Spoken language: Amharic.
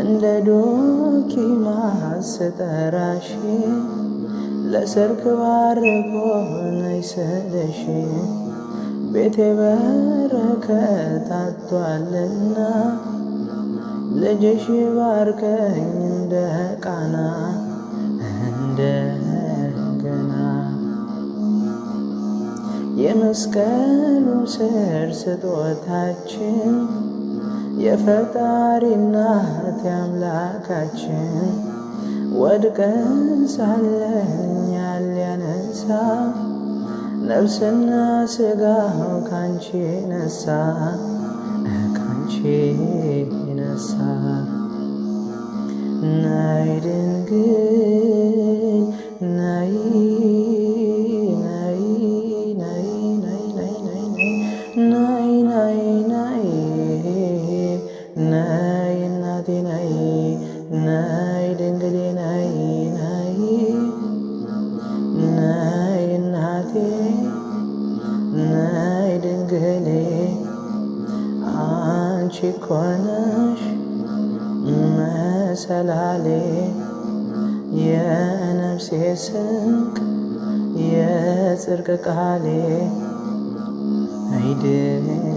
እንደ ዶኪ ማስጠራሽ ለሰርክ ባርኮ ነይሰለሽ ቤቴ በረከት አቷልና ልጅሽ ባርከኝ እንደ ቃና እንደ ገና የመስቀሉ ስር ስጦታችን የፈጣሪ እናት አምላካችን ወድቀን ሳለን እኛን ሊያነሳ ነፍስና ስጋው ካንቺ ነሳ ካንቺ ነሳ ናይ ድንግል ነይ ድንግሌ ነይ ነይ ነይ እናቴ ነይ ድንግሌ አንቺ እኮ መሰላሌ የነፍሴ ስንቅ የጽርቅ ቃሌ ነይ